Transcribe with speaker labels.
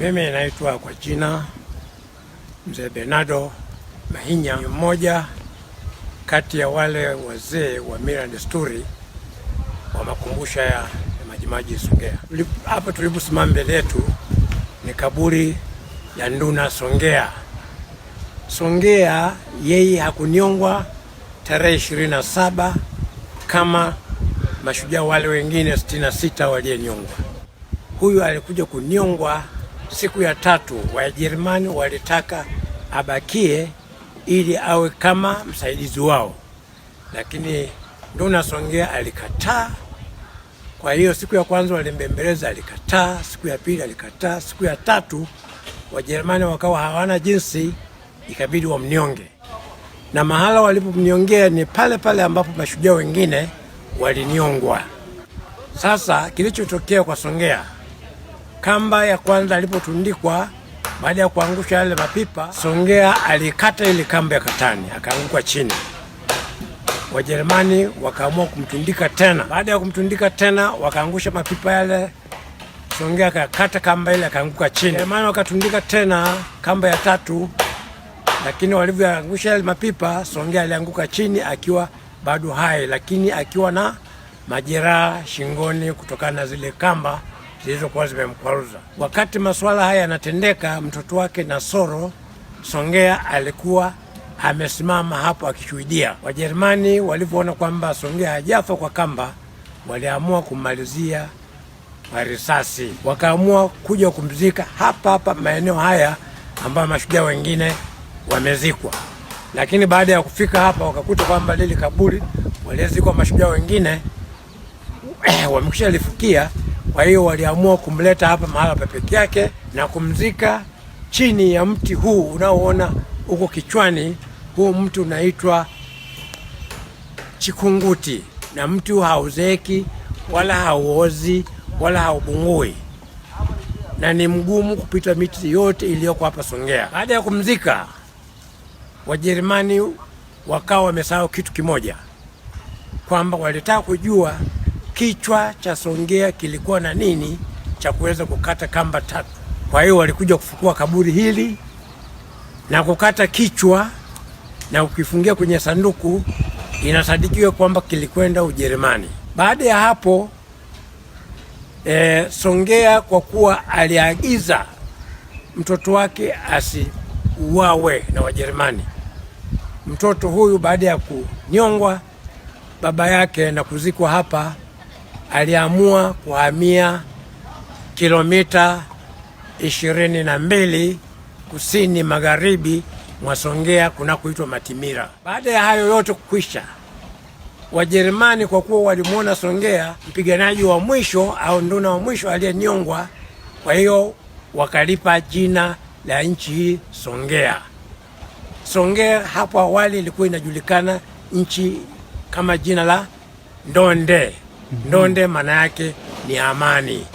Speaker 1: Mimi naitwa kwa jina Mzee Bernardo Mahinya, ni mmoja kati ya wale wazee wa mila na desturi wa makumbusho ya Majimaji Songea. Hapa tuliposimama mbele yetu ni kaburi ya Nduna Songea. Songea yeye hakuniongwa tarehe saba kama mashujaa wale wengine 66 waliyeniongwa huyu alikuja kunyongwa siku ya tatu. Wajerumani walitaka abakie ili awe kama msaidizi wao, lakini Nduna Songea alikataa. Kwa hiyo siku ya kwanza walimbembeleza, alikataa. Siku ya pili alikataa. Siku ya tatu Wajerumani wakawa hawana jinsi, ikabidi wamnyonge, na mahala walipomnyongea ni pale pale ambapo mashujaa wengine walinyongwa. Sasa kilichotokea kwa Songea Kamba ya kwanza alipotundikwa baada ya kuangusha yale mapipa, Songea alikata ile kamba ya katani, akaanguka chini. Wajerumani wakaamua kumtundika tena. Baada ya kumtundika tena, wakaangusha mapipa yale, Songea akakata kamba ile, akaanguka chini. Wajerumani wakatundika tena kamba ya tatu, lakini walivyoangusha yale mapipa, Songea alianguka chini akiwa bado hai, lakini akiwa na majeraha shingoni kutokana na zile kamba zilizokuwa zimemkwaruza. Wakati masuala haya yanatendeka, mtoto wake Nasoro Songea alikuwa amesimama hapo akishuhudia. Wajerumani walivyoona kwamba Songea hajafa kwa kamba, waliamua kumalizia kwa risasi, wakaamua kuja kumzika hapa hapa maeneo haya ambayo mashujaa wengine wamezikwa. Lakini baada ya kufika hapa, wakakuta kwamba lili kaburi waliozikwa mashujaa wengine wamekwisha lifukia kwa hiyo waliamua kumleta hapa mahala pa peke yake na kumzika chini ya mti huu unaoona huko kichwani. Huu mti unaitwa chikunguti, na mti huu hauzeki wala hauozi wala haubungui na ni mgumu kupita miti yote iliyoko hapa Songea. Baada ya kumzika, Wajerumani wakawa wamesahau kitu kimoja, kwamba walitaka kujua kichwa cha Songea kilikuwa na nini cha kuweza kukata kamba tatu. Kwa hiyo walikuja kufukua kaburi hili na kukata kichwa na ukifungia kwenye sanduku, inasadikiwa kwamba kilikwenda Ujerumani. Baada ya hapo e, Songea kwa kuwa aliagiza mtoto wake asiuawe na Wajerumani, mtoto huyu baada ya kunyongwa baba yake na kuzikwa hapa aliamua kuhamia kilomita ishirini na mbili kusini magharibi mwa Songea kuitwa Matimira. Baada ya hayo yote kukwisha, Wajerumani kwa kuwa walimwona Songea mpiganaji wa mwisho au nduna wa mwisho aliyenyongwa, kwa hiyo wakalipa jina la nchi hii Songea. Songea hapo awali ilikuwa inajulikana nchi kama jina la Ndonde. Ndonde maana yake ni amani.